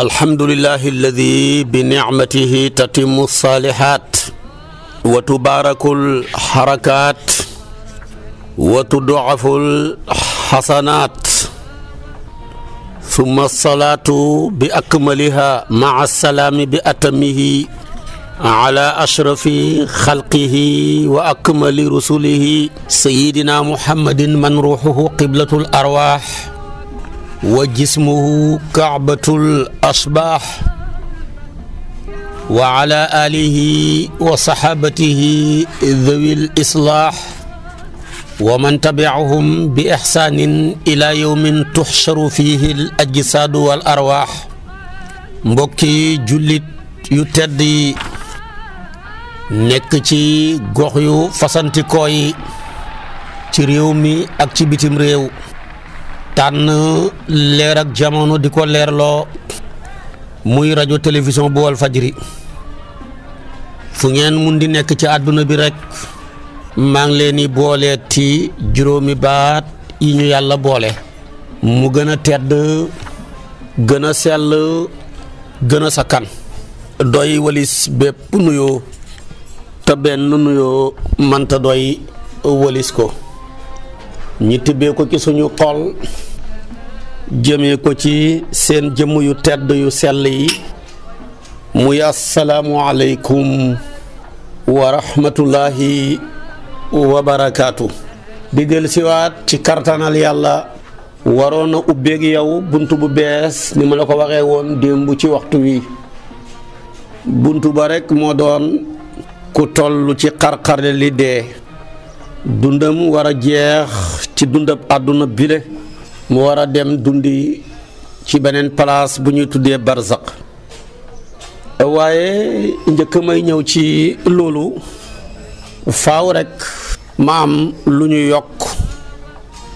الحمد لله الذي بنعمته تتم الصالحات وتبارك الحركات وتضعف الحسنات ثم الصلاة بأكملها مع السلام بأتمه على أشرف خلقه وأكمل رسله سيدنا محمد من روحه قبلة الأرواح وجسمه كعبة الأصباح وعلى آله وصحابته ذوي الإصلاح wa man tabiahum bi ixsaanin ila yowmin tuxcharu fihi l ajsaadu wal arwaax mbokki jullit yu tedd yi nekk ci gox yu fasantikoo yi ci réew mi ak ci bitim réew tànn leer ak jamono di ko leerloo muy rajo télévision bu Walfajri fu ngeen mun di nekk ci àdduna bi rekk maa leen di boolee ci juróomi baat yi ñu yàlla boole mu gën a tedd gën a sell gën a sakkan doy walis bépp nuyoo te benn nuyoo mënta doy walis ko ñi tibbee ko ci suñu xol jëmee ko ci seen jëmm yu tedd yu sell yi muy asalaamu aleykum wa wa barakaatu di del siwaat ci kartanal yàlla waroon a ubbeeg yow bunt bu bees ni ma la ko waxee woon démb ci waxtu wi bunt ba rekk moo doon ku toll ci xarxarle li dee dundam war a jeex ci dundab àdduna bile mu war a dem dundi ci beneen place bu ñuy tuddee barzak waaye njëkk may ñëw ci loolu faaw rekk maam lu ñu yokk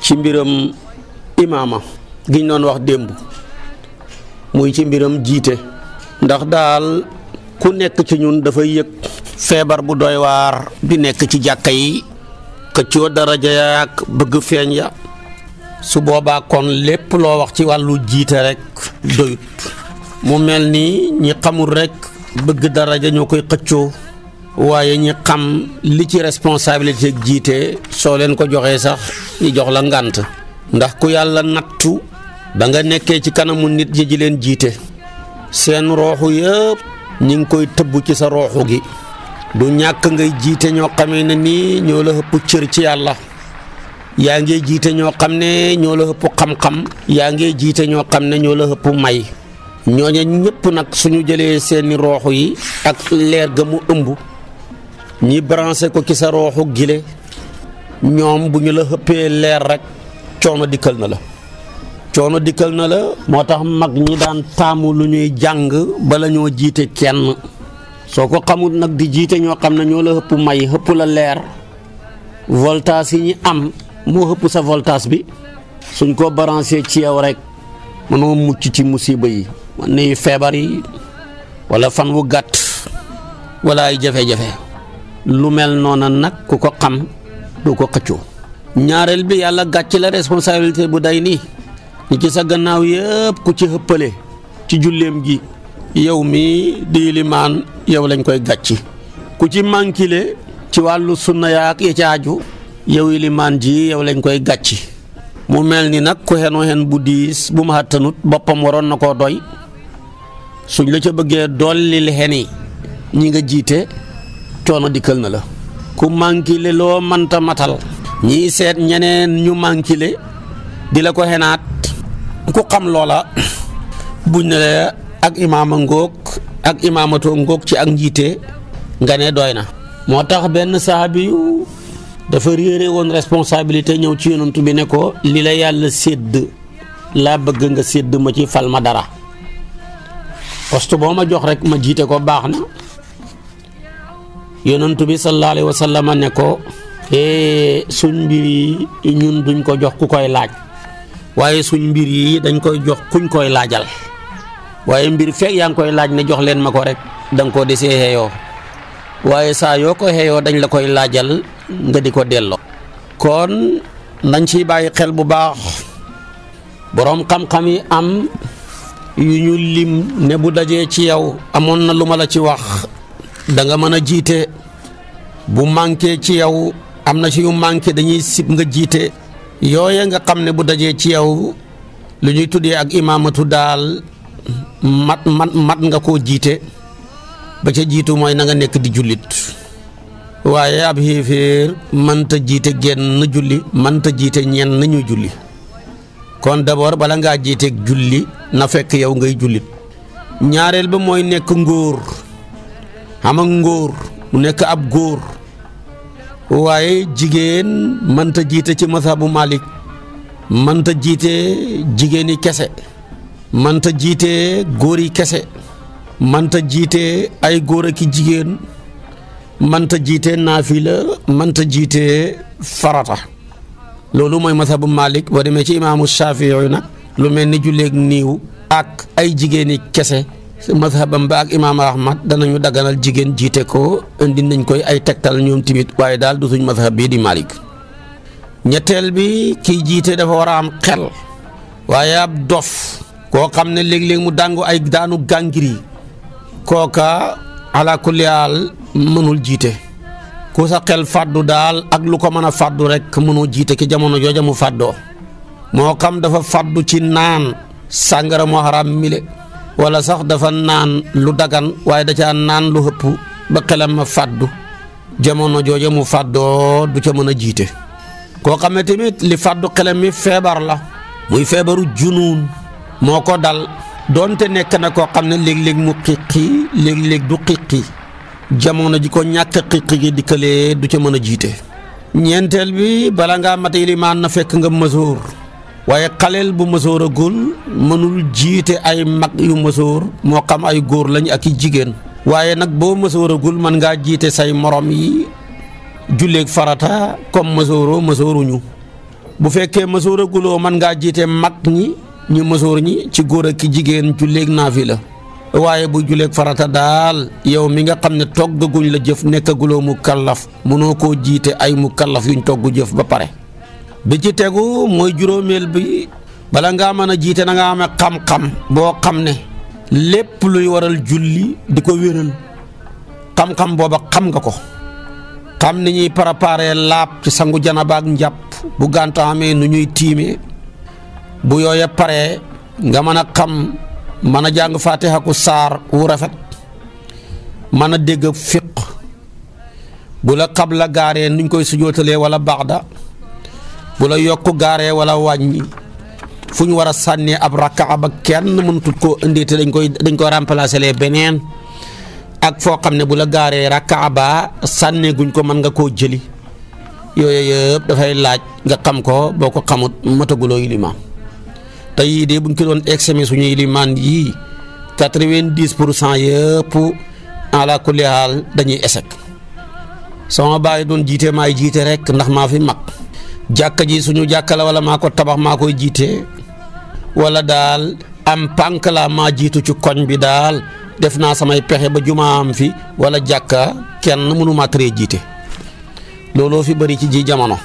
ci mbiram imaama giñ doon wax démb muy ci mbiram jiite ndax daal ku nekk ci ñun dafay yëg feebar bu doy waar bi nekk ci jàkka yi xëccoo daraja yaak bëgg feeñ ya su boobaa kon lépp loo wax ci wàllu jiite rekk doyut mu mel ni ñi xamul rekk bëgg daraja ñoo koy xëccoo waye ñi xam li ci responsabilité jité so leen ko joxé sax ñi jox la ngant ndax ku yalla nattu ba nga nekké ci kanamu nit ji jilen leen jiite seen rooxu ñi ngi koy ci sa rooxu gi du ñak ngay jité ño xamé ne ni ño la ëpp ciir ci yalla ya nga jité ño xamné ne la ëpp xam-xam ya nga jité ño xamné ne la ëpp may ñooña ñepp nak suñu jëlé seen yi ak leer ga mu ñi branché ko ci sa rooxu gile ñoom bu ñu la xëppee leer rek coono dikkal na la coono dikkal na la moo tax mag ñi daan taamu lu ñuy jàng bala ñoo jiite kenn soo ko xamul nag di jiite ñoo xam ne ñoo la xëpp may xëpp la leer voltage yi ñi am moo xëpp sa voltage bi suñ ko branché ci yow rek mënoo mucc ci musiba yi ni feebar yi walla fan wu gàtt wala ay jafe-jafe lu mel noona nag ku ko xam du ko xëccoo ñaareel bi yàlla gàcc la responsabilité bu day nii ñi ci sa gannaaw yëpp ku ci xëppale ci julleem gi yow mi di limaan yow lañ koy gàcc ku ci mànkile ci wàllu sunna yaak ya ca aju yow limaan ji yow lañ koy gàcc mu mel ni nag ku xenoo xen bu diis bu ma xàttanut boppam waroon na koo doy suñ la ca bëggee dolli li yi ñi nga jiite coono dikkal na la ku mànkile loo manta matal ñii seet ñeneen ñu mànkile di la ko xenaat ku xam loola buñ ne la ak imaama ngóog ak imaamatoo ngóog ci ak njiite nga ne doy na moo tax benn sahabi dafa réere woon responsabilité ñëw ci yonantu bi ne ko li la yàlla sédd laa bëgg nga sédd ma ci fal ma dara poste boo ma jox rek ma jiite ko baax na yonent bi sallallahu alayhi wa sallam ne ko suñ mbir yi ñun duñ ko jox ku koy laaj waaye suñ mbir yi dañ koy jox kuñ koy laajal waaye mbir fekk yaa ngi koy laaj ne jox leen ma ko rek da koo desee xeeyoo waaye saa yoo ko xeeyoo dañ la koy laajal nga di ko delloo. kon nañ ci bàyyi xel bu baax boroom xam-xam yi am yu ñu lim ne bu dajee ci yow amoon na lu ma la ci wax. da nga mëna jité bu manké ci yow amna ci yu manké dañuy sip nga jité yoyé nga xamné bu dajé ci yow lu ñuy tuddé ak imamatu dal mat mat mat nga ko jité ba ca jitu moy na nga nek di julit waye ab man ta jité genn julli mënta jiite ñenn ñu julli kon d'abord bala nga jité julli na fekk yow ngay julit ñaarel ba moy nek nguur am ak ngóor mu nekk ab góor waaye jigéen mënta jiite ci mazhabu Malik mënta jiite jigéeni kese mënta jiite góor yi kese mënta jiite ay góor ak jigéen mënta jiite naafila mënta jiite farata loolu mooy bu Malik boo demee ci imaamu Shafii nag lu mel ni julleeg niiw ak ay jigéeni kese mazhabam ba ak imaam ahmad danañu daganal jigéen jiite ko indi nañ koy ay tegtal ñoom tamit waaye daal du suñ mazhab bii di malik ñetteel bi kiy jiite dafa war a am xel waaye ab dof koo xam ne léeg-léeg mu dàngu ay daanu gàngiri kooka ala kulli haal mënul jiite ku sa xel fàddu daal ak lu ko mën a fàddu rek mënoo jiite ki jamono jooja mu fàddoo moo xam dafa fàddu ci naan sàngara moo mile wala sax dafa naan lu dagan waaye da ca naan lu hëpp ba xelam ma fàddu jamono jooja mu fàddoo du ca mën a jiite koo xam ne tamit li fàddu xelam mi feebar la muy feebaru junuun moo ko dal doonte nekk na koo xam ne léeg-léeg mu xiqi léeg-léeg du xiqi jamono ji ko ñàkk xiqi gi dikkalee du ca mën a jiite ñeenteel bi bala ngaa mate ilimaan na fekk nga mesure waaye xaleel bu mësoor agul mënul jiite ay mag yu mësoor moo xam ay góor lañ ak i jigéen waaye nag boo mësoor agul mën ngaa jiite say morom yi julleeg farata comme mësooroo mësooruñu bu fekkee mësoor aguloo mën ngaa jiite mag ñi ñu mësoor ñi ci góor ak i jigéen julleeg naafi la waaye bu julleeg farata daal yow mi nga xam ne toggaguñ la jëf nekkaguloo mu kallaf mënoo ko jiite ay mu kallaf yuñ togg jëf ba pare bi ci tegu mooy juróomeel bi bala ngaa mën a jiite na nga amee xam-xam boo xam ne lépp luy waral julli di ko wéral xam-xam booba xam nga ko xam ni ñuy préparer laab ci sangu janaba ak njàpp bu gànta nu ñuy tiimee bu yooye paree nga mën a xam mën a jàng faatiha ku saar wu rafet mën a dégg fiq bu la xab la gaaree nuñ koy sujootalee wala da bula la yokk wala wàññi fu wara sanni ab rak'a ba kenn mënutut ko indi te dañ koy dañ ko remplacer les benen ak fo xam ne bu raka ba sanni guñ ko yo, nga ko jëli yeb da fay laaj nga xam ko boko ko xamut mataguloo ilimaan te tay de buñ ko don examen suñu ilimaan yii quatre vingt ala kulli hal dañuy échec sama baye don jité may jité rek ndax ma fi mak jàkka ji suñu jàkka la wala maa ko tabax maa koy jiite walla daal am pànk laa maa jiitu ci koñ bi daal def naa samay pexe ba jumaam fi wala jàkka kenn mënu maa jiite looloo fi bari ci ji jamono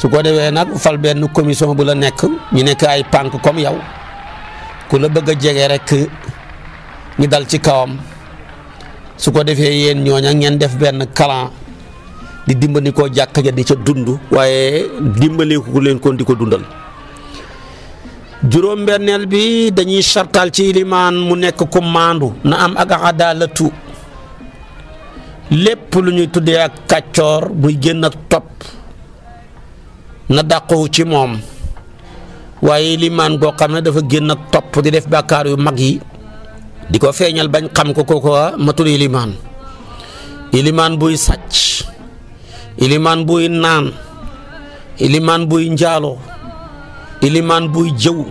su ko defee nag fal benn commission bu la nekk ñu nekk ay pànk comme yow ku la bëgg a jege rek ñu dal ci kawam su ko defee yéen ñooña ngeen def benn kalan di dimbali koo jàkka ja di ca dund waaye dimbali ku kon di ko dundal juróom-benneel bi dañuy sartaal ci limaan mu nekk ku maandu na am ak adaalatu lépp lu ñuy tuddee ak kàccoor muy génn ak topp na dàqu ci moom waaye limaan boo xam ne dafa génn ak topp di def bàkkaar yu mag yi di ko feeñal bañ xam ko kooko ah, matul ilimaan ilimaan buy sàcc iliman buy nan, iliman buy njaaloo iliman buy jew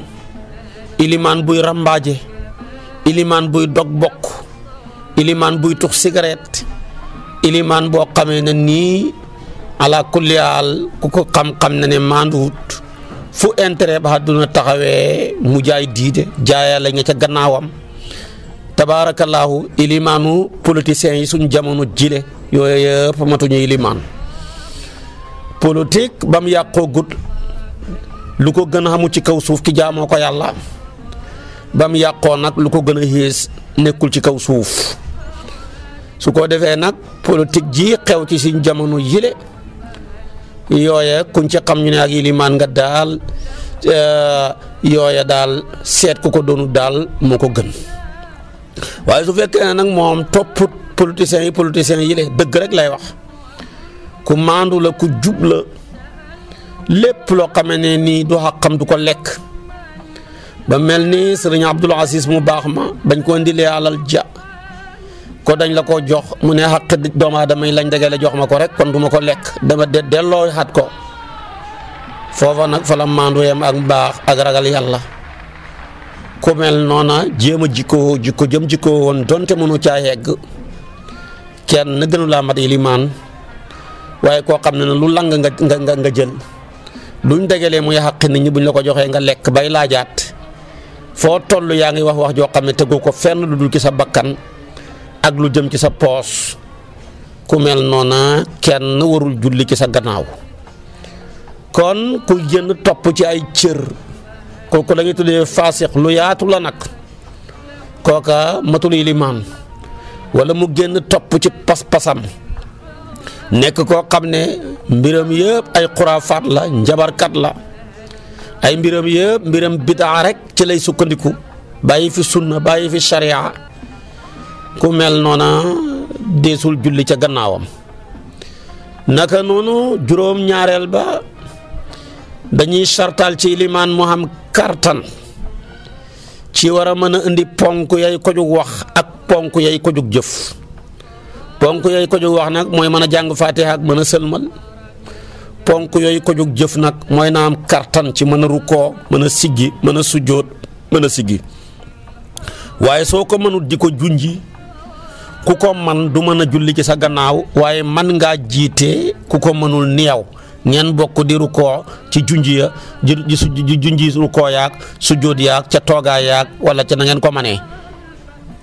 iliman buy rambaje, iliman buy dog bok iliman buy tux cigarette iliman bo xamé na ni ala kulli al ku ko xam-xam na ne mandout fu intérêt ba àdduna taxawé mu jaay diide la nga ca gannaawam tabarakallah ilimanu politiciens yi suñ jamono jilé matuñu iliman politique ba mu yàqoo gut lu ko gën a xamu ci kaw suuf ki jaamoo ko yàlla ba mu yàqoo nag lu ko gën a xiis nekkul ci kaw suuf su ko defee nag politique ji xew ci suñ jamono yile yooye kuñ ci xam ñu ne ak yilimaan nga daal eh, yooye daal seet ku ko doonu daal moo ko gën waaye su fekkee nag moom topput politiciens yi politiciens yi le dëgg rek lay wax ku mandu la ku djub la lepp lo xamene ni nii du du ko lek ba melni ni abdul Aziz mu baax ma bañ ko ndile alal ja ko dañ la ko jox mu ne xaq doomu aadama yi lañ degale jox ma rek kon duma ma ko lek dama de delloo xat ko fofa nak fala mandu yam ak bax ak ragal yalla ku mel nona jema jiko jiko jëm jikkoo donte munu ca yegg kenn gënu la mat waye ko xamne lulang lu lang nga nga nga jël luñ dagalee muy xàq nit ñi buñ la ko joxé nga lek bay laajaat fo tollu ya ngi wax wax jo xamne ne ko fenn lu dul ci sa bakkan ak lu jëm ci sa pos ku mel nona kenn warul julli ci sa gannaaw kon ku génn top ci ay cër ko la ngi tuddé fasikh lu yaatu la nak koka matul iliman wala mu génn top ci pas-pasam nekk koo xam ne mbiram yëpp ay xuraafaat la njabarkat la ay mbiram yépp mbiram bidaa rekk ci lay sukkandiku bàyyi fi sunna bàyyi fi sharia ku mel noona deesul julli ca gannaawam naka noonu juróom-ñaareel ba dañuy sartaal ci limaan mu am kartan ci war a mën a indi ponk yay ko jug wax ak ponk yay koju jëf ponk yooyu ko jóg wax nag mooy mën a jàng faatiha ak mën a sëlmal ponk yooyu ko jóg jëf nag mooy naa am kartan ci mën a rukkoo mën a siggi mën a sujjóot mën a siggi waaye soo ko mënut di ko junji ku ko man du mën a julli ci sa gannaaw waaye man ngaa jiite ku ko mënul ni yow ngeen bokk di rukkoo ci junji ya di su junji rukkoo yaag sujjóot yaag ca toogaay yaag wala ca na ngeen ko manee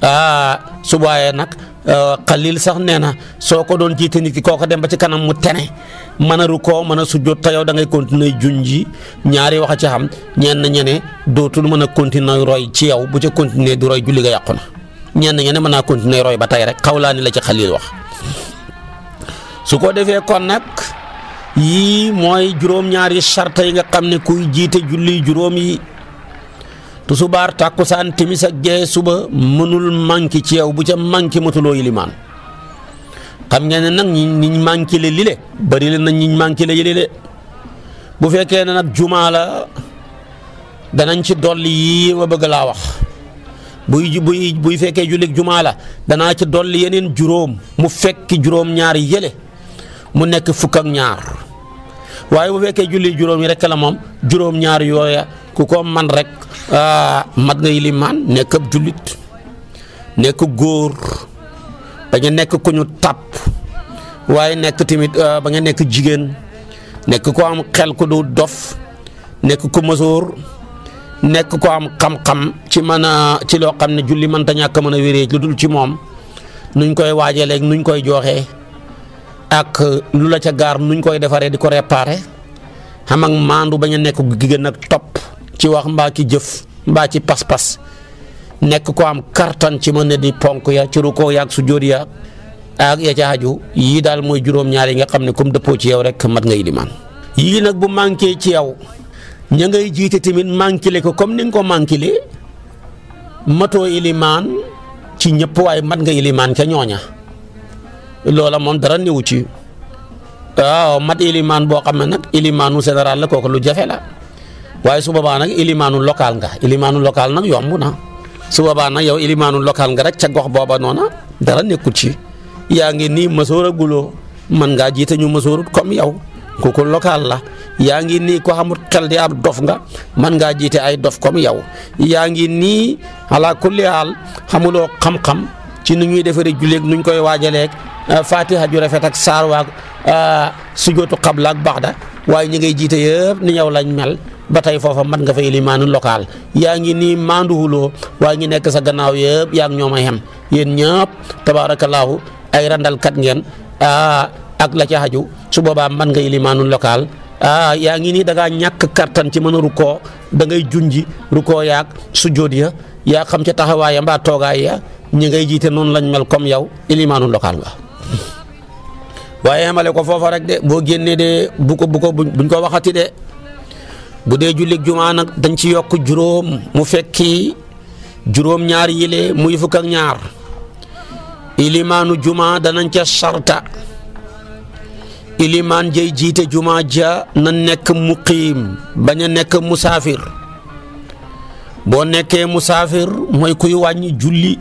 aa su nag xalil sax nee na soo ko doon jiite nit ki kooko dem ba ci kanam mu tene mën a rukkoo mën a su jot yow da ngay continuer junji ñaari wax a ci xam ñeen na ñene dootul mën a continuer roy ci yow bu ca continuer di roy julli ga yàqu na ñeen ñene mën naa continuer roy ba tey rek xawlaani la ci xalil wax su ko defee kon nag yii mooy juróom-ñaari sarta yi nga xam ne kuy jiite julli juróomi tusubaar tàkkusaan timis ak gee suba mënul manqué ci yow bu ca manqué matuloo ilimaan xam ngeen ne nag ñi ñiñ manqué le lile bëri le nañ ñiñ manqué le yële bu fekkee ne nag jumaa la danañ ci dolli yii ma bëgg laa wax buy buy fekkee jullig jumaa la danaa ci dolli yeneen juróom mu fekki juróom ñaar yële mu nekk fukk ak ñaar waaye bu fekkee julli juróom yi rekk la moom juróom ñaar yooya ku ko man rek ah, mat nga yilimaan nekk ab jullit nekk góor ba nga nekk ku ñu tàpp waaye nekk tamit ah, ba nga nekk jigéen nekk ko am xel ku du dof nekk ku mësoor nekk ko am xam-xam ci mën a ci loo xam ne julli mënta ñàkk mën a wéree lu dul ci moom nuñ koy waajee leeg nuñ koy jooxee ak lu la ca gaar nuñ koy defaree di ko réparé xam maandu bañ a nekk jigéen nag topp ci wax mba ci jëf mba ci pas-pas nek ko am carton ci mën di ponk ya ci ruko ya ak sujjóot ya ak ya ci haju yi dal moy juróom ñaari nga xamne kum depo ci yow rek mat ngay liman yi nak bu manké ci yow ña ngay jité timin manqué ko comme ni nga ko iliman matoo iliman ci ñepp way mat nga liman ca ñoña lola mom dara newu ci taw mat iliman bo xamne nak ilimanu général la koku lu jafé la waaye su boobaa nag ilimaanu local nga ilimaanu local nag yomb na su boobaa nag yow ilimaanu local nga rek ca gox booba noona dara nekkul ci yaa ngi nii mësoor a guloo mën ngaa jiite ñu mësoorut comme yow kooku local la yaa ngi nii ko xamut xel di ab dof nga mën ngaa jiite ay dof comme yow yaa ngi nii ala kulli haal xamuloo xam-xam ci nu ñuy defaree julleeg nu ñu koy waajaleeg euh, fatiha ju rafet ak saar waag euh, sujootu xabla baax da waaye ñi ngay jiite yëpp ni ñaw lañ mel ba tey foofa mat nga fa ilimaanu local yaa ngi nii maanduwuloo waa ngi nekk sa gannaaw yëpp yaa ngi ñoom a yem yéen ñëpp tabaarakallaahu ay randalkat ngeen ah, ak la ca xaju su boobaa man nga ilimaanu local ah yaa ngi nii da ngaa ñàkk ci mën a rukkoo da ngay junji rukkoo yaag sujjóot ya yaa xam ca taxawaaya mbaa toogaay ya ñi ngay jiite noonu lañ mel comme yow ilimaanu local nga waaye xamale ko foofa rek de boo génnee de bu ko buñ ko waxati bu dee jullik jumaa nag dañ ci yokk juróom mu fekki juróom ñaar yile muy fukk ak ñaar ilimaanu juma danañ ca sharta ilimaan jey jiite juma ja na nekk muqim bañ a nekk musaafir boo nekkee musaafir mooy kuy wàññi julli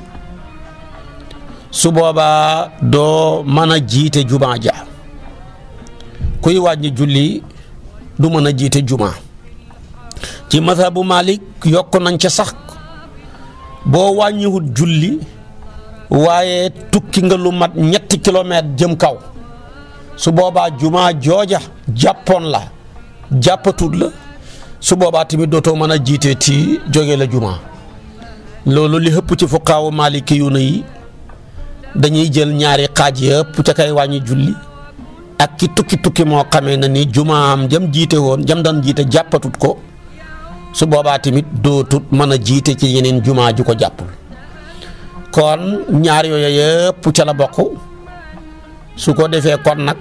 su boobaa doo mën a jiite ja kuy wàññi julli du mën a jiite ci bu Malik yokk nañ ca sax boo wàññiwut julli waaye tukki nga lu mat ñetti kilomètre jëm kaw su boobaa jumaa jooja jàppoon la jàppatut la su boobaa tamit dootoo mën a jiitee ci jóge la jumaa loolu li hëpp ci fuqaawu Maliki yu na yi dañuy jël ñaari xaaj yëpp ca kay wàññi julli ak ki tukki tukki moo xamee na ni jumaam jam jiite woon jam daan jiite jàppatut ko su boobaa tamit dootut mën a jiite ci yeneen jumaa ju ko jàppul kon ñaar yooyu yëpp ca la bokk su ko defee kon nag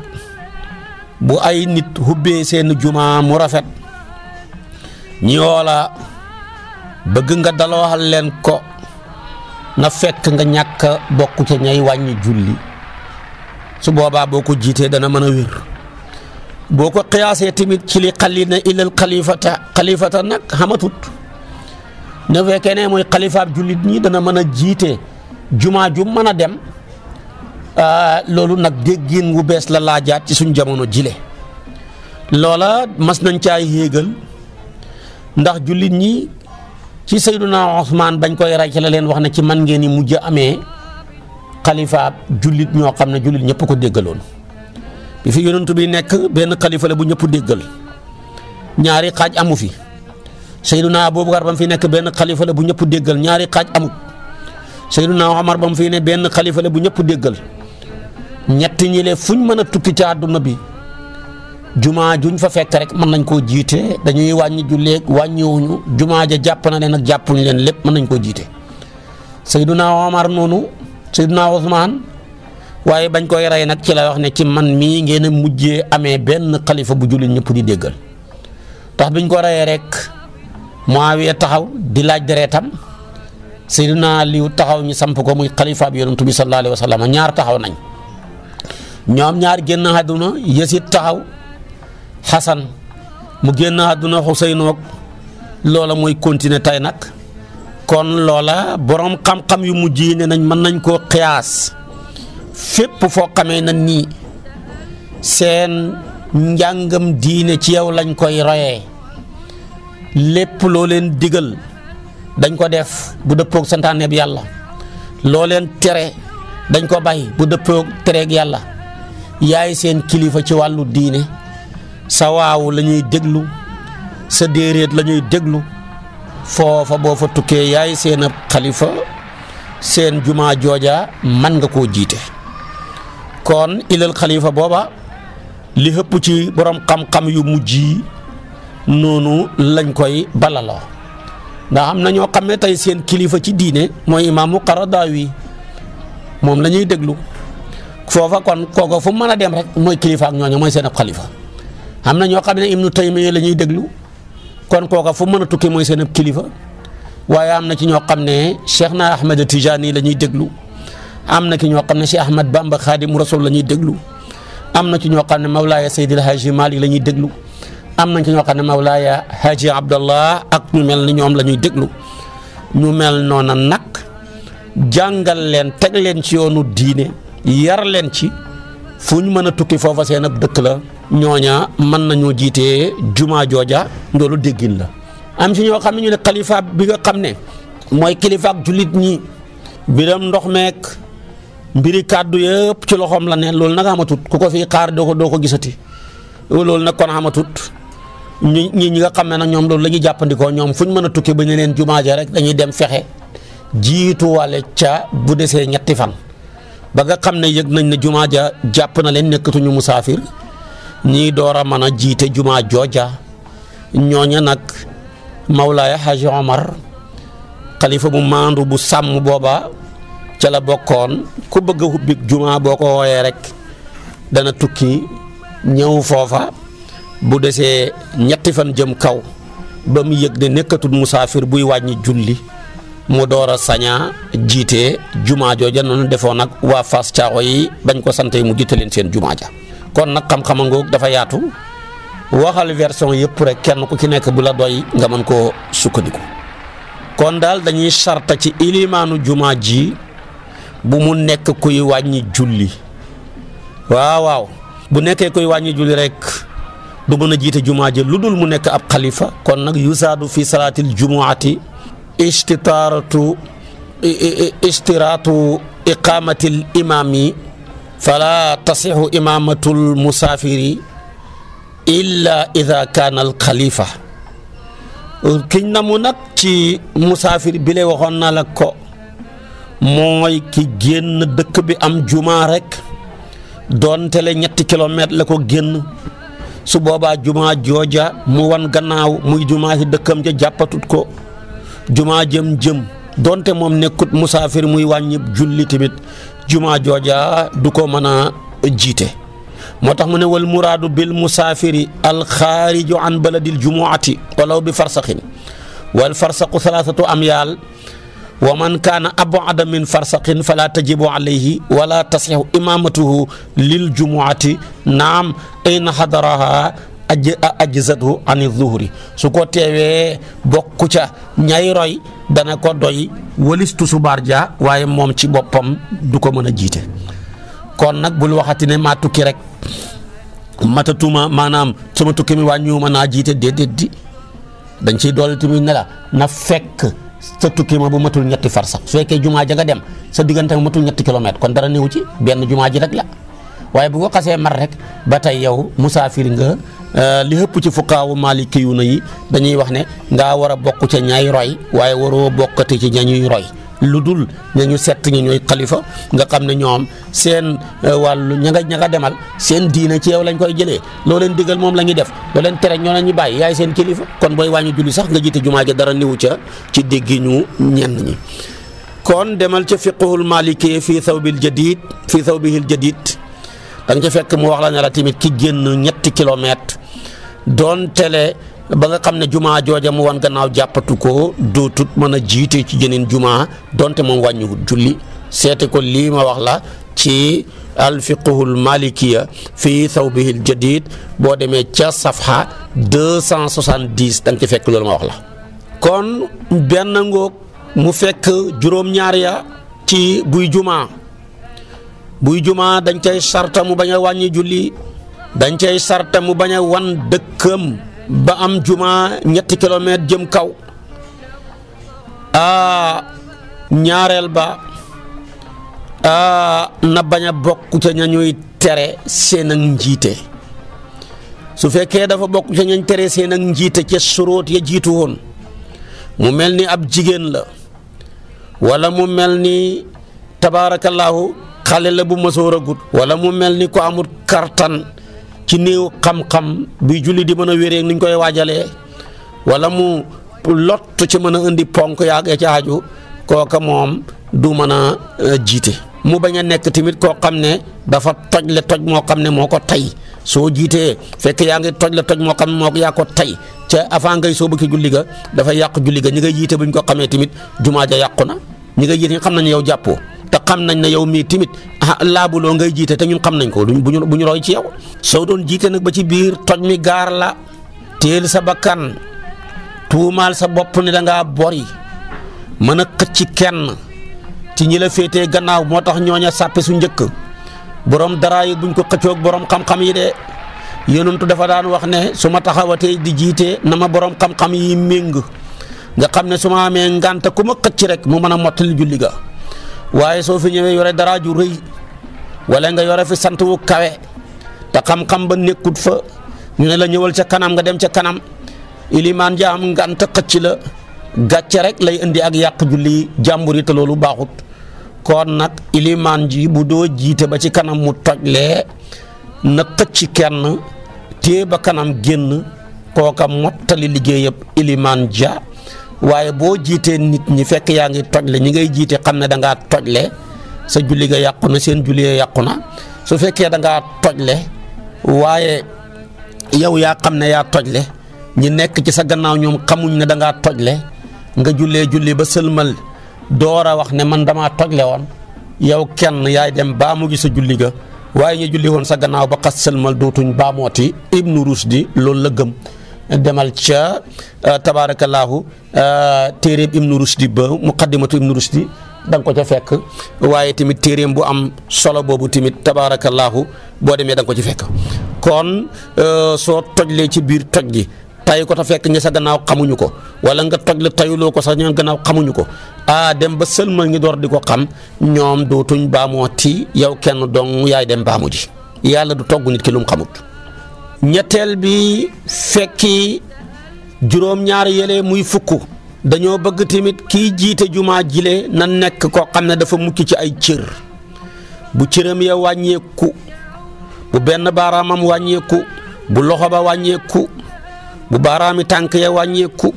bu ay nit xubbee seen jumaa mu rafet ñoo la bëgg nga dalooxal leen ko na fekk nga ñàkk bokk ca ñay wàññi julli su boobaa boo ko jiitee dana mën a wér boo ko xiyaasee tamit ci li xalina illal xalifata xalifata nag xamatut ne fekkee ne mooy xalifaab jullit ñii dana mën a jiite jumaa ju mën a dem loolu nag déggin wu bees la laajaat ci suñ jamono jile loola mas nañ caay yéegal ndax jullit ñi ci sayduna Ousmane bañ koy ray ci la leen wax na ci man ngeen ni mujj amee xalifaab jullit ñoo xam ne jullit ñëpp ko déggaloon bi fi yonent bi nekk benn xalifa bu ñëpp déggal ñaari xaaj amu fi Seydunaa Abubakar boobu mu fi nekk benn xalifa bu ñëpp déggal ñaari xaaj amut Seydunaa Omar ba mu fi ne benn xalifa bu ñëpp déggal ñett ñi le fuñ mën a tukki ci àdduna bi jumaa juñ fa fekk rek mën nañ koo jiite dañuy wàññi julleeg wàññiwuñu jumaa ja jàpp na leen ak jàppuñ leen lépp mën nañ koo jiite Seydunaa Omar noonu Seydunaa Ousmane waaye bañ koy rey nag ci la wax ne ci man mii ngeen a mujjee amee benn xalifa bu jullit ñëpp di déggal tax biñ ko reyee rek Muawiya taxaw di laaj deretam Seydina Aliyu taxaw ñu samp ko muy xalifa bi yonent bi sallallahu alayhi ñaar taxaw nañ ñoom ñaar génn àdduna Yasid taxaw Xasan mu génn àdduna Xuseyn ak loola mooy continuer tey nag kon loola boroom xam-xam yu mujj yi ne nañ mën nañ koo xiyaas fépp foo xamee na nii seen njàngam diine ci yow lañ koy royee lépp loo leen digal dañ ko def bu dëppoog santaaneeb yàlla loo leen tere dañ ko bàyyi bu dëppoog tereeg yàlla yaay seen kilifa ci wàllu diine sa waaw la ñuy déglu sa déeréet la déglu foofa boo fa tukkee yaay seen ab xalifa seen jumaa jooja man nga koo jiite kon ilal xalifa booba li hëpp ci boroom xam-xam yu mujj yi noonu lañ koy balaloo ndax am na ñoo xam ne tey seen kilifa ci diine mooy imaamu Qaradaawi moom lañuy ñuy déglu foofa kon kooka fu mën a dem rek mooy kilifa ak ñooñu mooy seen kalifa am na ñoo xam ne ibnu taymiya la ñuy déglu kon kooka fu mën a tukki mooy seen ab kilifa waaye am na ci ñoo xam ne cheikh na ahmed tijaani la ñuy déglu am na ki ñoo xam ne Cheikh Ahmad Bamba Xaadimu Rasul la ñuy déglu am na ci ñoo xam ne Mawlaaya Seydil Haaji Malick la ñuy déglu am na ci ñoo xam ne Mawlaaya Haaji Abdallah ak ñu mel ni ñoom lañuy déglu ñu mel noona nag jàngal leen teg leen ci yoonu diine yar leen ci fu ñu mën a tukki foofa seen ab dëkk la ñooña mën nañoo jiitee jumaa jooja loolu déggin la am ci ñoo xam ne ñu ne xalifa bi nga xam ne mooy kilifa ak jullit ñi biram ndox meek mbiri kàddu yëpp ci loxoom la ne loolu nag xamatut ku ko fii xaar doo ko doo ko gisati loolu nag kon xamatut ñi ñi nga xam ne nag ñoom loolu lañuy jàppandikoo ñoom fu ñu mën a tukki ba ñu leen jumaa rek dañuy dem fexe jiituwale ca bu desee ñetti fan ba nga xam ne yëg nañ ne jumaa ja jàpp na leen nekkatuñu musaafir ñii door a mën a jiite jumaa jooja ñooña nag Mawlaaya Haji Omar xalifa bu maandu bu sàmm booba ca la bokkoon ku bëgg a hubbik jumaa boo ko wooyee rek dana tukki ñëw foofa bu desee ñetti fan jëm kaw ba mu yëg ne nekkatul musaafir buy wàññi julli mu door a sañaa juma jumaa jooja noonu defoon ak waa Fass yi bañ ko mu ja kon nag xam-xam ngoog dafa yaatu waxal version yëpp rek kenn ku ci nekk bu la doy nga sukkandiku kon dañuy sarta ci ilimanu Juma ji bu mu nekk kuy wàññi julli waaw waaw bu nekkee kuy wàññi julli rek du mu nekk ab xalifa kon nag yusaadu fi salaatil jumuati istitaaratu istiraatu iqaamatil imaami fala tasixu imaamatul musaafiri illa ida kaana al xalifa kiñ na mu nag ci musaafir bi lay waxoon na ko mooy ki génn dëkk bi am jumaa rekk doonte le ñetti kilomètre la ko génn su boobaa jumaa jooja mu wan gannaaw muy jumaa ci dëkkam ja jàppatut ko jumaa jëm jëm donte moom nekkut musaafir muy wàññi julli tamit jumaa jooja du ko mën a jiite moo tax mu ne wal muraadu bil musaafiri alxaariju an baladil jumuati walaw bi farsaxin wal farsaqu salaasatu am yaal wa man kaana abada min farsaqin fala tajibu alayhi wala tasixu imamatuhu lil jumuati naam in hadaraha aj an ani zuhri su ko teewee bokku ca ñay roy dana ko doy walistu subaar ja waaye moom ci boppam du ko mën a jiite kon nag bul waxati ne maa tukki rek matatuma maanaam sama tukki mi wàññiwuma naa jiite déedéet di dañ ciy doole tamit ne na fekk sa tukki ma bu matul ñetti far sax fekkee jumaa ja nga dem sa diggante matul ñetti kilomètre kon dara néew ci benn jumaa ji rek la waaye bu ko xasee mar rek ba tey yow musaafir nga euh, li ëpp ci fukkaawu maaliki yu na yi dañuy wax ne ngaa war a bokk ca ñaay roy waaye waroo bokkati ci ñañuy roy lu dul ña ñu sett ñi ñuy kalifa nga xam ne ñoom seen eh, wàllu ña nga ña nga demal seen diina ci yow lañ koy jëlee loo leen digal moom la ñuy def loo leen tere ñoo la ñuy bàyyi yaay seen kilifa kon booy wàññi julli sax nga jiite jumaa ji dara niwu ca ci déggi ñu ñenn ñi kon demal ca fiqhul maliki fii thawbil jadid fii thawbihil jadid da nga ca fekk mu wax la la tamit ki génn ñetti kilomètre doon tele ba nga xam ne jumaa jooja mu wan gannaaw jàppatu ko dootut mën a jiite ci jeneen jumaa donte moom wàññiwut julli seete ko lii ma wax la ci alfiqhul malikiya fii thawbihil jadid boo demee ca safha 270 da nga ci fekk loolu ma wax la kon benn ngoog mu fekk juróom-ñaar ya ci buy jumaa buy jumaa dañ cay sarta mu bañ a wàññi julli dañ cay sarta mu bañ a wan dëkkam ba am juma ñetti kilomètre jëm kaw aa ñaareel ba aa na bañ a bokk ca ña ñuy tere seen ak njiite su fekkee dafa bokk ca ñañ tere seen ak njiite ca suróot ya jiitu woon mu mel ni ab jigéen la wala mu mel ni tabaarakallaahu xale bu mësoor a gut wala mu mel ni ko amul kartan ci néew xam-xam bi julli di mën a wéree ni koy waajale wala mu lott ci mën a indi ponk yaagee ci aju kooka moom du mën a e, jiite mu bañ nekk tamit koo xam ne dafa toj le toj moo xam ne moo ko tay soo jiitee fekk yaa ngi toj le toj moo xam ne moo yaa ko tay ca avant ngay soo bëgg julli ga dafa yàq julli ga ñi nga jiite bu ñu ko xamee tamit jumaa ja yàqu na ñi nga jiite xam nañu yow jàppoo te xam nañ ne yow mii timit ah laabuloo ngay jiite te ñun xam nañ ko duñ bu ñu bu ñu roy ci yow soo doon jiite nag ba ci biir toj mi gaar la teel sa bakkan tuumaal sa bopp ne da ngaa bori mën a xëcc ci kenn ci ñi la féetee gannaaw moo tax ñooña sàppe su njëkk borom dara yi buñ ko xëccoog boroom xam-xam yi de yonentu dafa daan wax ne su ma taxawatee di jiite na ma borom xam-xam yi méng nga xam ne su ma amee ngànta ku ma xëcc rek mu mën a mottali julli ga waaye soo fi ñëwee yore dara ju rëy walla nga yore fi sant wu kawe te xam-xam ba nekkut fa ñu ne la ñëwal ca kanam nga dem ca kanam ilimaan ja am ngant xëcc la gàcce rek lay indi ak yàq julli jàmbur yi te loolu baaxut kon nag ilimaan ji bu doo jiite ba ci kanam mu tojlee na xëcc kenn tée ba kanam génn kooka mottali liggéeyab ilimaan ja waaye boo jiitee nit ñi fekk yaa ngi tojle ñi ngay jiite xam ne danga ngaa tojle sa julli ga yàqu na seen julli yàqu na su fekkee da ngaa tojle waaye yow yaa xam ne yaa tojle ñi nekk ci sa gannaaw ñoom xamuñ ne da ngaa tojle nga jullee julli ba sëlmal doo war a wax ne man damaa tojle woon yow kenn yaay dem baa mu gi sa julli ga waaye ñu julli woon sa gannaaw ba xas sëlmal dootuñ baamooti ibnu rusdi loolu la gëm. demal ca euh, tabaarakallaahu euh, téeréem ibnu rushdi ba muqaddimatu ibnu rushdi da danga ko ca fekk waaye tamit téeréem bu am solo boobu tamit tabaarakallaahu boo demee danga ko ci fekk kon euh, soo lee ci biir toj gi tay ko ta fekk nga sa gannaaw xamuñu ko wala nga toj la tayuloo ko sax ña gannaaw xamuñu ko ah dem ba sëlmal ngi door di ko xam ñoom dootuñ baamooti yow kenn dong yaay dem mbaamu ji yàlla du togg nit ki lu xamut ñetteel bi fekki juróom-ñaar yële muy fukk dañoo bëgg tamit kiy jiite jumaa jile na nekk koo xam ne dafa mucc ci ay cër bu cëram ya wàññeeku bu benn baaraamam wàññeeku bu loxo ba wàññeeku bu baaraami tànk ya wàññeeku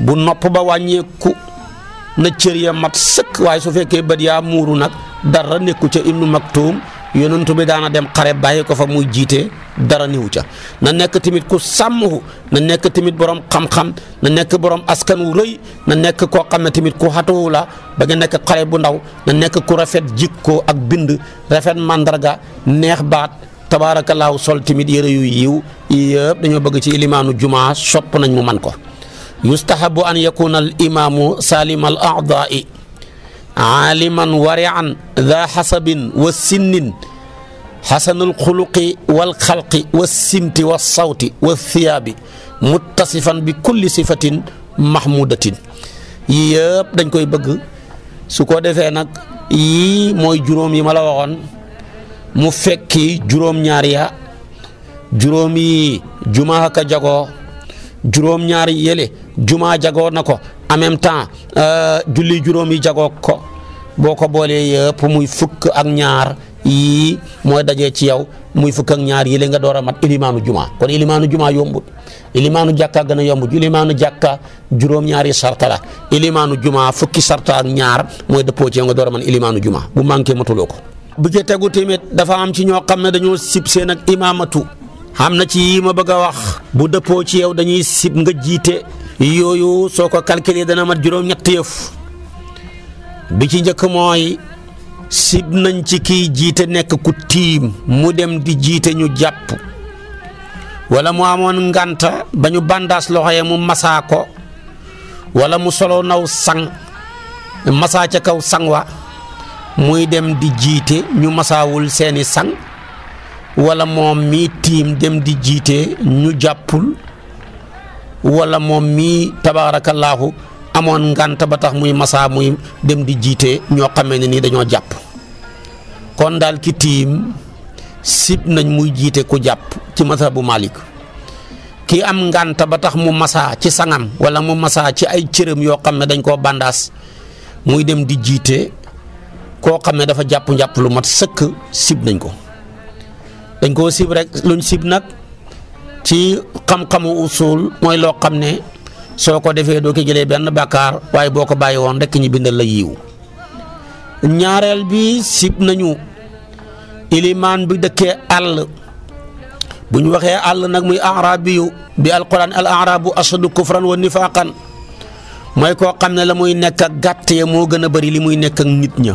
bu nopp ba wàññeeku na cër ya mat sëkk waaye su fekkee bët yaa muuru nag dara nekku ca Ibnu Maktuum yonent bi daana dem xare bàyyi ko fa muy jiite dara niwu ca na nekk tamit ku sàmm na nekk tamit boroom xam-xam na nekk boroom askan wu rëy na nekk koo xam ne tamit ku xatuwu la ba nga nekk xale bu ndaw na nekk ku rafet jikko ak bind rafet màndarga neex baat tabaarakallaahu sol tamit yëre yu yiw yëpp dañoo bëgg ci ilimaanu jumaa sopp nañ mu man ko yustahabu an yakuna al imaamu salim al aaliman warian daa xasabin wa sinnin xasanul xuluqi wal xalqi wa simti wa sawti wa thiyaabi muttasifan bi kulli sifatin mahmudatin yii yëpp dañ koy bëgg su ko defee nag yii mooy juróom yi ma la waxoon mu fekki juróom-ñaar ya juróom yi jumaa ka jagoo juróom-ñaar yële jumaa jagoo na ko en même temps euh, julli juróom yi ko boo ko boolee yëpp muy fukk ak ñaar yii mooy dajee ci yow muy fukk ak ñaar yi nga door a mat ilimaanu juma kon ilimaanu juma yombut ilimaanu jàkka gën a yombut ilimaanu jàkka juróom-ñaari sarta la ilimaanu juma fukki sarta ak ñaar mooy dëppoo ci yow nga door a man ilimaanu juma bu manqué matuloo ko. bu ci tegu tamit dafa am ci ñoo xam ne dañoo sib seen ak imaamatu am na ci yii ma bëgg a wax bu dëppoo ci yow dañuy sib nga jiite yooyu soo ko calculé dana mat juróom-ñett bi ci njëkk mooy sib nañ ci kii jiite nekk ku tiim mu dem di jiite ñu jàpp wala mu amoon nganta ba ñu bàndaas loxoye mu masaa ko wala mu soloo naw sang masaa ca kaw sang wa muy dem di jiite ñu masaawul seeni sang wala moom mii tiim dem di jiite ñu jàppul wala moom mii tabaraka amon ngànt ba tax muy massa muy dem di jité ño xamé ni dañu japp kon dal ki tim sip nañ muy jité ku japp ci bu Malik ki am ngànt ba tax mu massa ci sangam wala mu massa ci ay cëram yo xam dañ ko bandas muy dem di jité ko xam dafa japp japp lu mat sëkk sip nañ ko dañ ko sip rek luñ sip nak ci xam-xamu usul moy lo xamné soo ko defee doo ko jëlee benn bàkkaar waaye boo ko bàyyi woon rekk ñu bindal la yiiw ñaareel bi sib nañu ilimaan bi dëkkee àll bu ñu waxee àll nag muy arabiyu bi alquran al arabu asadu kufran wa nifaqan mooy koo xam ne la muy nekk gàtt ya moo gën a bari li muy nekk ak nit ña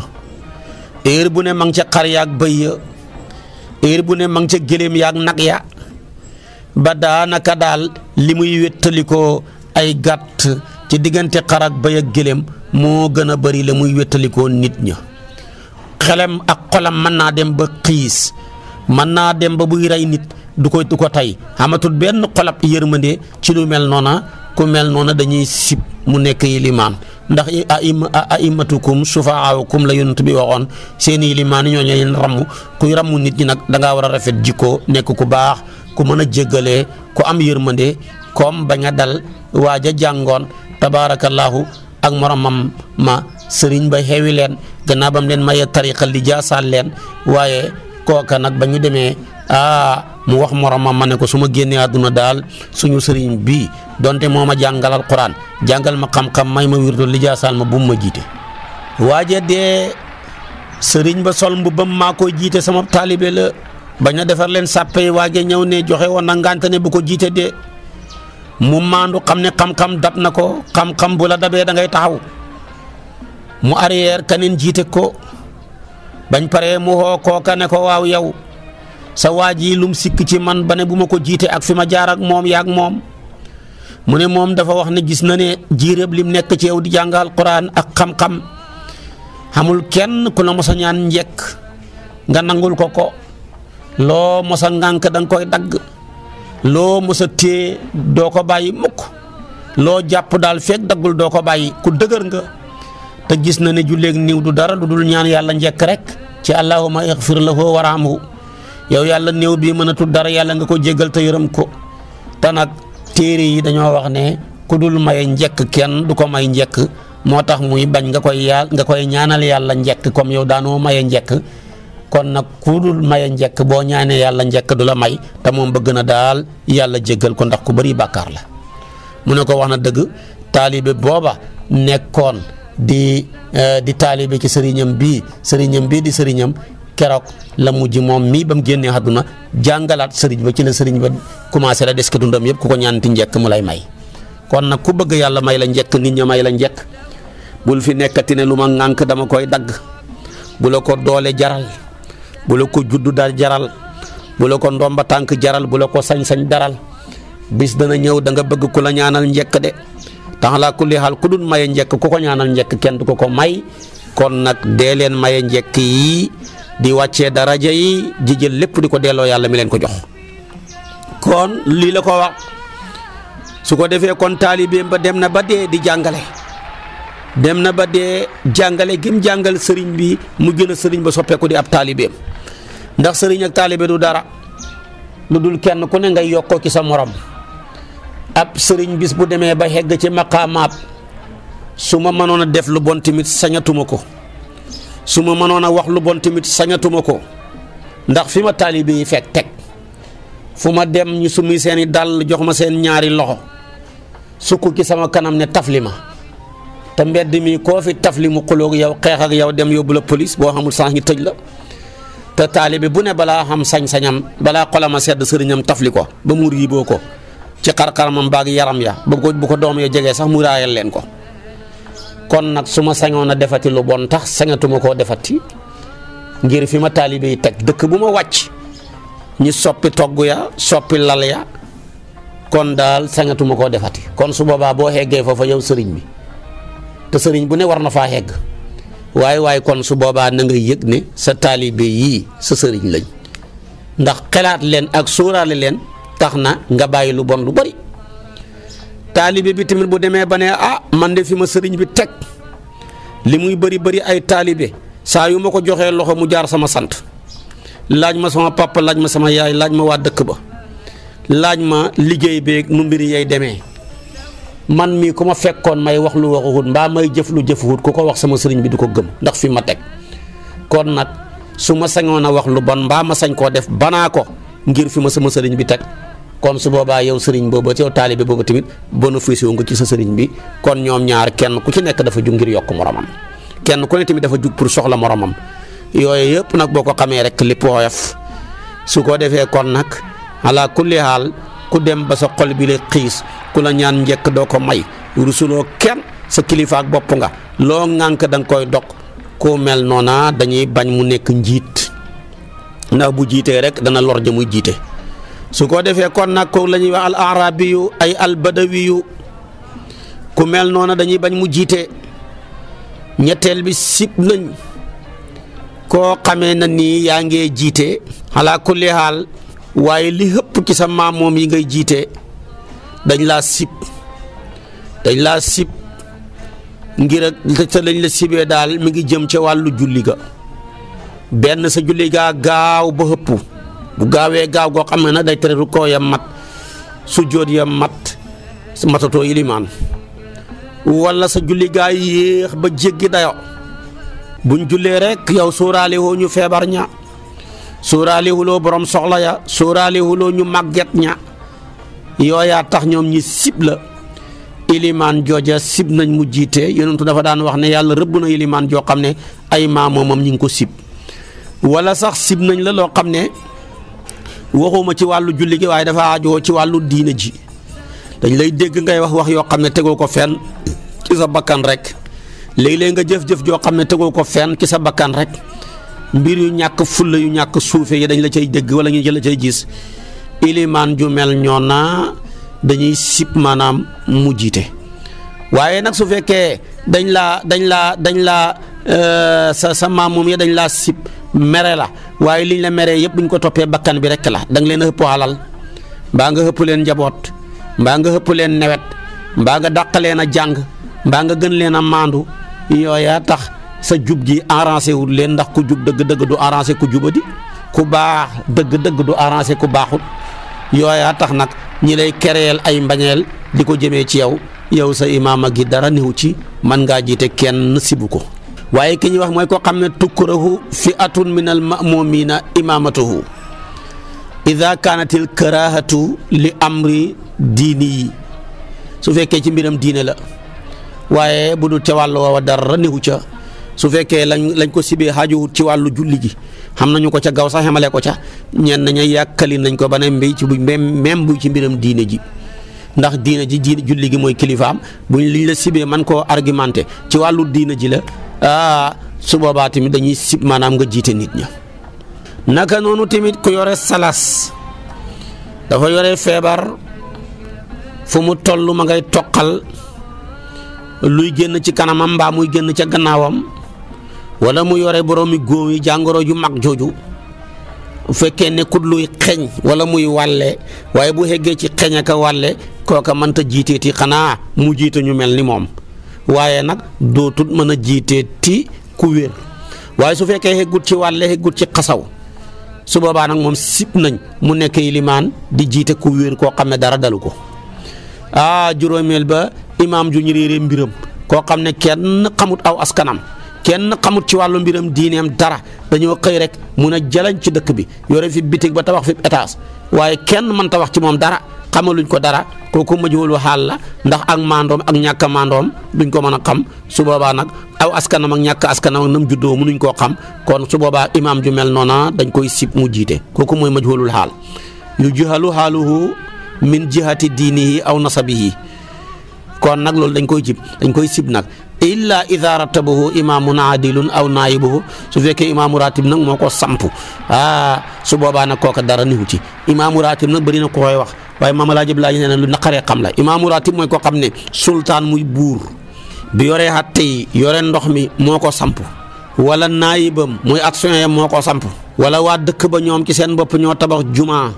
heure bu ne ma ngi ca xar yaag bëy ya heure bu ne ma ngi ca gëléem yaag nag ya ba daanaka daal li muy wéttalikoo ay gàtt ci diggante xar ak bëy ak gëléem moo gën a bari la muy wéttalikoo nit ña xelem ak xolam mën naa dem ba xiis mën naa dem ba buy rey nit du ko du ko tey amatul benn xolab yërmande ci lu mel noona ku mel noona dañuy sib mu nekk ilimaan ndax aimatukum sufaawukum la yonent bi waxoon seen ilimaan ñoo leen ramm kuy ramu nit ñi nag da war a rafet jikko nekk ku baax ku mën a jéggalee ku am yërmande kom bañ a dal waja jangon tabarakallah ak moromam ma serigne ba xewi len gannaaw bam len maye tariqa li jaasal len waye koka nak bañu ah mu wax moromam mané ko suma ma aduna dal suñu serigne bi donte moma jangal alquran jangal ma xam-xam may ma wirdo li jaasal ma bu ma jiite waaje dee ba sol mbubam koy sama talibé la bañ defar leen sàppe waaje ñëw ne joxe woon bu ko jité mu maandu xam ne xam-xam dab na ko xam-xam bu la dabee da ngay taxaw mu arrière kaneen jiite ko bañ pare mu xoo kooka ko waaw yow sa waa ji lum sikk ci man ba ne bu ma ko jiite ak fi ma jaar ak moom yaag moom mu ne moom dafa wax ne gis na ne jiiréb lim nekk ci yow di jàngal Quraan ak xam-xam xamul kenn ku la mos ñaan njekk nga nangul ko ko loo mosa a ngànk da koy dagg. loo mësa a doo ko bàyyi mukk loo jàpp daal fekk daggul doo ko bàyyi ku dëgër nga te gis na ne julleeg niw du dara lu dul ñaan yàlla njekk rek ci allahuma ixfir lahu warhamhu yow yàlla néew bii mënatul dara yàlla nga ko jéggal te yërëm ko te nag téere yi dañoo wax ne ku dul may njekk kenn du ko may njekk moo tax muy bañ nga koy yaa nga koy ñaanal yàlla njekk kom yow daanoo maye njekk kon nag ku dul maye njëkk boo ñaanee yàlla njekk du la may te moom bëgg na daal yàlla jéggal ko ndax ku bari bàkkaar la mu ne ko wax na dëgg taalibe booba nekkoon di eh, di taalibe ci sëriñam bii sëriñam bii di sëriñam keroog la mujj moom mii ba mu génnee àdduna jàngalaat sëriñ ba ci la sëriñ ba commencé la des ko dundam yëpp ku ko ñaanti njekk mu lay may kon nag ku bëgg yàlla may la njëkk nit ña may la njekk bul fi nekkati ne lu ma ŋànk dama koy dagg bu la ko juddu dal jaral bu la ko ndomba tank jaral bu la ko sañ-sañ daral bis dana ñew da nga bëgg ku la ñaanal njekk de tax la kulli hal ku maye ku ko ñaanal kenn du ko may kon nak de len maye njekk yi di wacce daraja yi di jël lepp diko delo yalla mi len ko jox kon li la ko wax su ko defé kon talibé ba dem na ba dé di jangalé dem na ba dé jangalé gim jangal sëriñ bi mu gën sëriñ ba ko di ab talibé ndax sëriñ ak taalibe du dara lu dul kenn ku ne ngay yokkoo ci sa morom ab sëriñ bis bu demee ba xegg ci makaamaab su ma mënoon a def lu bon tamit sañatuma ko su ma mënoon a wax lu bon tamit sañatuma ko ndax fi ma taalibe yi fekk teg fu ma dem ñu summi seeni dàll jox ma seen ñaari loxo sukk ci sama kanam ne tafli ma te mbedd mi koo fi tafli mu xuloog yow xeex ak yow dem yóbbu la police boo xamul sax ngi tëj la te talibi bu ne bala xam sañ-sañam bala xolama sedd serignam tafli ko ba mur yi boko ci xarxaramam baag yaram ya ba ko bu ko doom ya jegee sax mu raayal ko kon nak suma sañona defati lu bon tax sañatuma ko defati ngir fi ma tek yi buma bu ma ñi soppi toggu ya soppi lal ya kon dal sañatuma ko defati kon su boobaa bo xeggee foofa yow serign bi te serign bu ne war na waaye waaye kon su boobaa na nga yëg ne sa taalibe yii sa sëriñ lañ ndax xelaat leen ak sóoraale leen tax na nga bàyyi lu bon lu bari taalibe bi tamit bu demee ba ne ah man de fi ma sëriñ bi teg li muy bari bari ay taalibe saa yu ma ko joxee loxo mu jaar sama sant laaj ma sama papa laaj ma sama yaay laaj ma waa dëkk ba laaj ma liggéey beeg mu mbir yay demee man mi kuma fekkon may wax lu waxuhut mbaa may jëf lu jëfuhut ku ko wax sama sëriñ bi du ko gëm ndax fi ma teg kon nag suma sañona wax lu bon mbaa ma sañ ko def banako ko ngir fi ma sama sëriñ bi teg kon su boba yow sëriñ ci yow taalibe booba tamit nga ci sa sëriñ bi kon ñom ñaar kenn ku ci nekk dafa ju ngir yok moromam kenn ku ne tamit dafa jug pour soxla moromam yooyu yëpp nak boko ko rek li su ko defee kon nak ala kulli hal ku dem ba sa xol bi la xiis ku la ñaan njëkk doo ko may rusuloo kenn sa kilifaak bopp nga loo ŋànk da koy dog ku mel noona dañuy bañ mu nekk njiit ndax bu jiitee rek dana lor ja muy jiite su ko defee kon nag ko la ñuy al arabi ay al badawi yu ku mel noona dañuy bañ mu jiite ñetteel bi sib nañ koo xamee na nii yaa ngee jiite ala kulli xaal waaye li hëpp ci sa maam yi ngay jiite dañ laa sib dañ laa sib lañ la sibee daal mi ngi jëm ca wàllu julli ga benn sa julli gaa gaaw ba hëpp bu gaawee gaaw goo xam na nag day tere rukkoo ya mat sujjóot ya mat matatoo ilimaan wala sa julli gaa yéex ba jéggi dayo buñ jullee rekk yow sóoraale woo ñu feebar ña Surali hulo borom soxla ya sóoraale hulo ñu màgget ña yooyaa tax ñom ñi sible iliman jojja sib nañ mu yonu yonentu dafa daan wax ne yalla rebb na iliman jo xamne ay maamoomam ñing ko sib wala sax sib nañ la lo xamne waxuma ci walu julli gi waaye dafa ajo ci walu diina ji dañ lay deg ngay wax wax yo xamne teggo ko fen ci sa bakkan rek leg leg nga jëf-jëf jo xamne teggo ko fen ci sa bakkan rek mbir yu ñàkk fulla yu ñàkk suufe yi dañ la cay dégg wala ñu la cay gis ilimaan ju mel ñoon naa dañuy sib maanaam mu jiite waaye nag su fekkee dañ la dañ laa dañ laa euh, sa sa maam moom ya dañ laa sib mere la waaye liñ la meree yëpp buñ ko toppee bakkan bi rek la da leen a ëpp alal mbaa nga ëpp leen njaboot mbaa nga ëpp leen newet mbaa nga dàq leen a jàng mbaa nga gën leen a maandu yooya tax sa jub gi arrangé wul leen ndax ku jub dëgg-dëgg du arrangé ku di ku baax dëgg-dëgg du arrangé ku baaxul yooyaa tax nag ñi lay kereel ay mbañeel di ko jëmee ci yow yow sa imaama gi dara néew ci mën ngaa jiite kenn sibu ko waaye ki ñuy wax mooy ko xam ne tukkurahu fi atun min al mamumina imaamatuhu ida kaanatil karahatu li amri diini yi su fekkee ci mbiram diine la waaye bu dul ca wàll woowa dara néew ca su fekkee lañ lañ ko sibee xaajuwut ci wàllu julli gi xam nañu ko ca gaw sax xemale ko ca ñenn ña yàkkali nañ ko ba ne mbéy ci bu même bu ci mbiram diine ji ndax diine ji ji julli gi mooy kilifaam buñ liñ la sibee man koo argumenté ci wàllu diine ji la ah su boobaa tamit dañuy sib maanaam nga jiite nit ña. naka noonu tamit ku yore salas dafa yore feebar fu mu toll ma ngay toqal luy génn ci kanamam mbaa muy génn ca gannaawam. wala mu yore boroomi góom yi jàngoro ju mag jooju bu fekkee nekkut luy xeeñ wala muy wàlle waaye bu xeggee ci xeeñ ak a wàlle kooka jiitee ti xanaa mu jiite ñu mel ni moom waaye nag dootut mën a jiiteeti ku wér waaye su fekkee xeggut ci wàlle xeggut ci xasaw su boobaa nag moom sib nañ mu nekk limaan di jiite ku wér koo xam ne dara dalu ko ah juróomeel ba imaam ju ñu réere mbiram koo xam ne kenn xamut aw askanam kenn xamut ci wàllu mbiram diineem dara dañoo xëy rek mun a jalañ ci dëkk bi yore fi bitig ba tabax fi étage waaye kenn mënta wax ci moom dara xamaluñ ko dara kooku majhulul xaal la ndax ak maandoom ak ñàkk a maandoom duñ ko mën a xam su boobaa nag aw askanam ak ñàkk askanam ak nam juddoo mënuñ koo xam kon su boobaa imaam ju mel noona dañ koy sib mu jiite kooku mooy majhulul xaal yu juhalu xaaluhu min jihati diinihi aw nasabihi kon nag loolu dañ koy jib dañ koy sib nag illa ida rattabahu imaamun adilun aw naayibuhu su fekkee imaamu ratib nag moo ko samp ah su boobaa na kooka dara niwu ci imaamu ratib nag bëri na koy wax waaye maam laa jëb laa nee na lu naqaree xam la imaamu ratib mooy ko xam ne sultaan muy buur bi yoree àtte yi yore ndox mi moo ko samp wala naayibam muy action yam moo ko samp wala waa dëkk ba ñoom ci seen bopp ñoo tabax jumaa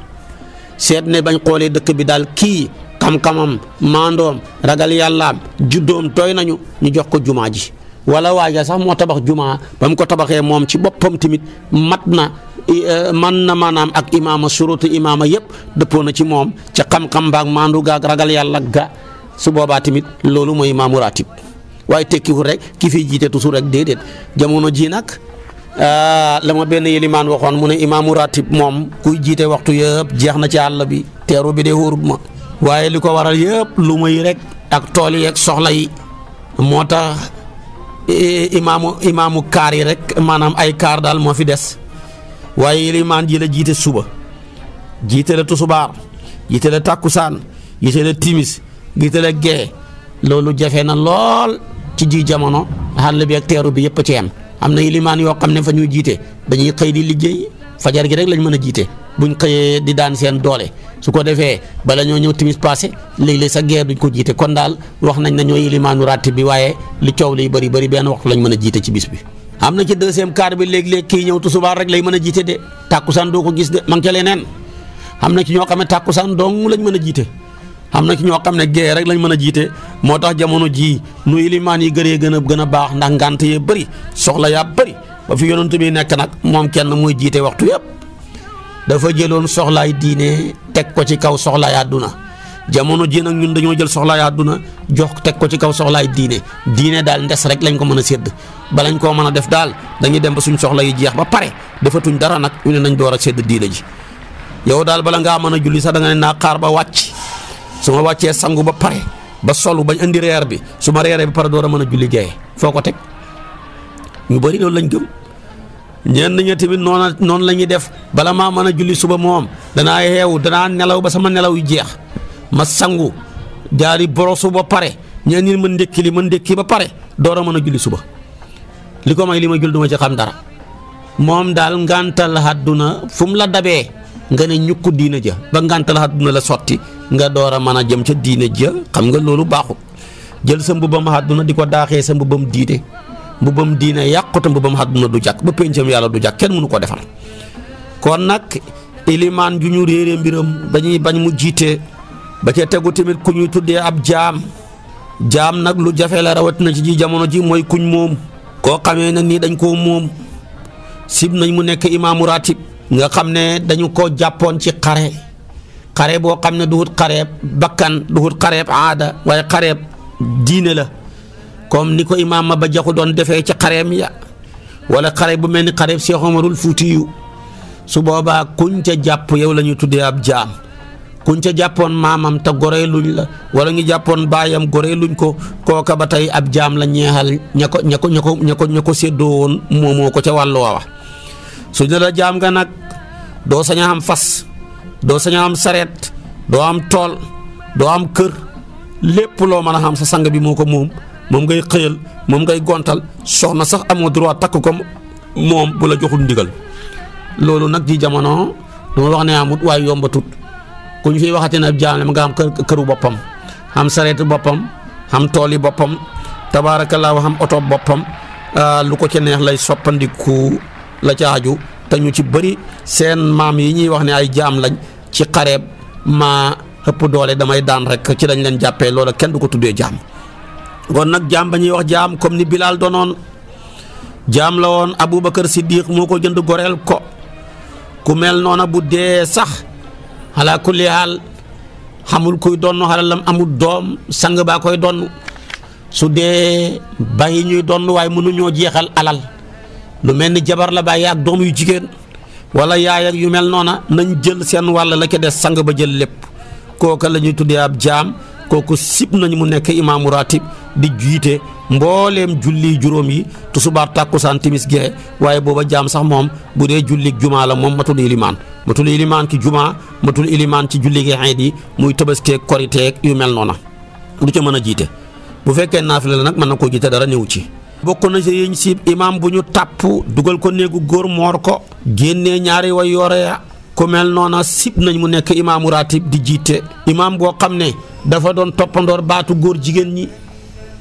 seet ne bañ xoolee dëkk bi daal kii am xamam maandoom ragal yàllaam juddoom tooy nañu ñu jox ko jumaa ji wala waaja sax moo tabax jumaa ba mu ko tabaxee moom ci boppam tamit mat na e, man na maanaam ak imaama surutu imaama yëpp dëppoo na ci moom ca xam-xam baag maandu gaag ragal yàlla ga su boobaa tamit loolu mooy imaamu ratib waaye tekkiwul rek ki fiy jiite toujours rek déedéet jamono ji nag la ma benn yélimaan waxoon mu ne imaamu ratib moom kuy jiite waxtu yëpp jeex na ci àll bi teeru bi de wóorut waaye li ko waral yëpp lu muy rek ak tool yi ak soxla yi moo tax imaamu imaamu kaar yi rek maanaam ay kaar daal moo fi des waaye limaan ji la jiite suba jiite la tusubaar jiite la tàkkusaan jiite la timis jiite la gee loolu jafe na lool ci ji jamono xàll bi ak teeru bi yëpp ci yem am na limaan yoo xam ne fa ñuy jiite dañuy xëy di liggéey fajar gi rek lañ mën a jiite. buñ xëyee di daan seen doole su ko defee bala ñoo ñëw timis passé léeg-léeg sa geer duñ ko jiite kon daal wax nañ ne ñooy ilimaanu ràtt bi waaye li coow liy bëri bëri benn waxtu lañ mën a jiite ci bis bi. am na ci deuxième quart bi léeg-léeg kii ñëw tusubaar rek lay mën a jiite de tàkkusaan doo ko gis de man ca leneen am na ci ñoo xam ne tàkkusaan dong lañ mën a jiite. am na ci ñoo xam ne gee rek lañ mën a jiite moo tax jamono jii nu ilimaan yi gëree gën a gën a baax ndax ngànt bëri soxla yaa bëri ba fi yonent nekk nag moom kenn muy jiite waxtu yëpp dafa jëloon soxlaay diine teg ko ci kaw soxlaay àdduna jamono ji nag ñun dañoo jël soxlaay àdduna jox teg ko ci kaw soxlaay diine diine daal ndes rek lañ ko mën a sédd lañ koo mën a def daal dañuy dem ba suñ soxla yi jeex ba pare defatuñ dara nag ñu ne nañ door a sédd diine ji yow daal bala ngaa mën a julli sax da nga ne naa xaar ba wàcc su ma wàccee sangu ba pare ba solu bañ indi reer bi su ma reeree ba pare door a mën a julli gaye foo ko teg ñu bëri loolu lañ gëm. ñenn ña tamit noona noonu la ñuy def bala maa mën a julli suba moom danaa yeewu danaa nelaw ba sama nelaw yu jeex ma sangu jaari borosu ba pare ñeen ñi ma ndékki li ma ndékki ba pare door a mën a julli suba li ko may li ma jul duma ci xam dara moom daal ngàntal àdduna fu mu la dabee nga ne ñukku diina ja ba ngàntal àdduna la sotti nga door a mën a jëm ca diina ja xam nga loolu baaxul jël sa mbubbam àdduna di ko daaxee sa mbubbam diine mbubbam diine yàqu te mbubbam àdduna du jàkk ba péncam yàlla du jàkk kenn mënu ko defar kon nag ilimaan ju ñu réere mbiram dañuy bañ mu jiite ba ca tegu tamit ku ñuy tuddee ab jaam jaam nag lu jafe la rawatina ci ji jamono ji mooy kuñ moom koo xamee nag nii dañ koo moom sib nañ mu nekk imaamu ratib nga xam ne dañu ko jàppoon ci xare xare boo xam ne du duhut xareeb bakkan duhut xareeb aada waaye xareeb diine la comme ni ko imaam Maba Jaxu doon defee ca xareem ya wala xare bu mel ni xareeb Seex Omarul Fuutiyu su boobaa kuñ ca jàpp yow lañuy tuddee ab jaam kuñ ca jàppoon maamam te goree la wala ñu jàppoon baayam goree luñ ko kooka ba tey ab jaam la ñeexal ña ko ña ko ña ko ko séddoo woon moomoo ko ca wàllu waawa su ne la jaam nga nag doo sañ a am fas doo sañ a am sareet doo am tool doo am kër lépp loo mën a xam sa sang bi moo ko moom. moom ngay xëyal moom ngay gontal soxna sax amoo droit takk ko moom bu la joxul ndigal loolu nag ji jamono dama wax ne amut waaye yombatut ku ñu fiy waxatee ne ab jaam nga am këru boppam am sareetu boppam am tooli boppam tabaarakallaahu am oto boppam ah, lu ko ca neex lay soppandiku la ca aju te ñu ci bëri seen maam yi ñuy wax ne ay jaam lañ ci xareeb ma ëpp doole damay daan rek ci lañ leen jàppee loola kenn du ko tuddee jaam. kon nag jaam ba ñuy wax jaam comme ni bilaal donoon jaam la woon Aboubacar Siddiq moo ko jënd goreel ko ku mel noona bu dee sax ala ku haal xamul kuy donn xalalam amul doom sang baa koy donn su dee bàyyi ñuy donn waaye mënuñoo jeexal alal lu mel ni jabar la bàyyi ak doom yu jigéen wala yaay yu mel noona nañ jël seen wàll la ca des sang ba jël lépp kooka la ñuy tuddee ab jaam. kooku sib nañ mu nekk imaamu ratib di jiite mbooleem julli juróomi yi tusubaar tàkkusaan timis gee waaye booba jaam sax moom bu dee jullig jumaa la moom matul ilimaan matul ilimaan ki jumaa matul ilimaan ci julli gi xeet yi muy tëbaskeeg koriteeg yu mel noona du ca mën a jiite bu fekkee naafila la nag mën na koo jiite dara néew ci bokk na si yiñ siib imaam bu ñu tàpp dugal ko néegu góor moor ko génnee ñaari way yoore ya ku mel noona sip nañ mu nekk imaamu ratib di jiite imaam boo xam ne dafa don toppandoor baatu góor jigéen ñi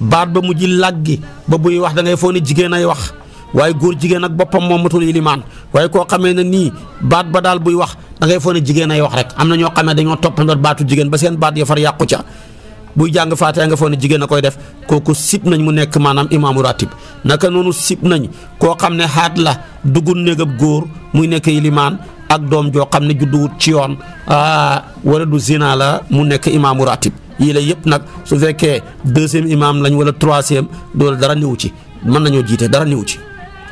baat ba mujj laggi ba buy wax da ngay foo ne jigéen ay wax waaye góor jigéen ak boppam moom matul ilimaan waaye koo xamee ne nii baat ba daal buy wax da ngay foo ne jigéen ay wax rek amna na ñoo xamee dañoo toppandoor baatu ba seen baat ya far yàqu ca buy jàng faatee nga foo koy def kooku sip nañ mu nekk maanaam imaamu ratib naka nonu sip nañ koo xam ne xaat la dugg néegab góor muy nekk ak doom joo xam ne judduwut ci yoon ah wala du zina la mu nekk imaamu ratib yii la yëpp nag su fekkee deuxième imaam lañ wala troisième doole dara niwu ci mën nañoo jiite dara niwu ci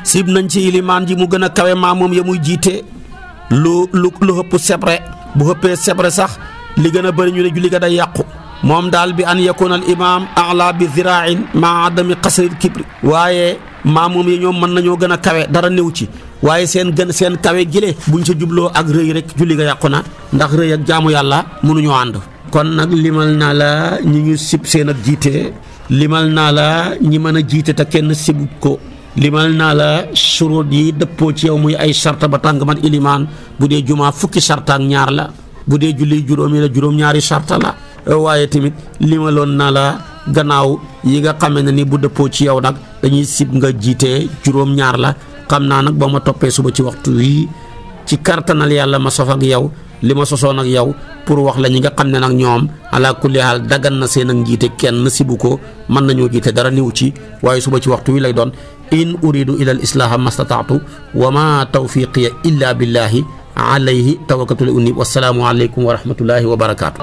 sib nañ ci ilimaan ji mu gën a kawe maamoom ya muy jiite lu lu lu sebre bu xëppee sebre sax li gën a bëri ñu ne julli ga day yàqu moom daal bi an yakuna al imaam ala bi ziraain ma adami qasril kibri waaye maamoom ya ñoom mën nañoo gën a kawe dara niwu ci waaye seen gën seen kawe gile buñ sa jubloo ak rëy rek julli nga yàqu na ndax rëy ak jaamu yàlla mënuñoo ànd kon nag limal naa la ñi ñu sib seen ak jiite limal naa la ñi mën a jiite te kenn sibut ko limal naa la surut yi dëppoo ci yow muy ay sarta ba tàng man ilimaan bu dee jumaa fukki sarta ñaar la bu dee julli juróomi la juróom-ñaari sarta la waaye tamit limaloon naa la gannaaw yi nga xamee ne ni bu dëppoo ci yow nag dañuy sib nga jiite juróom-ñaar xam naa nag boo ma toppee suba ci waxtu wii ci kartanal yàlla ma sof ak yow li ma sosoon ak yow pour wax la ñi nga xam ne nag ñoom ala kulli haal daggan na seen ak njiite kenn sibu ko mën nañoo jiite dara niw ci waaye suba ci waxtu wi lay doon in uridu ila al islaaha mastataatu wa ma tawfiqiya illa billahi alayhi tawakkaltu unib wassalaamu aleykum wa rahmatullahi wa barakaatu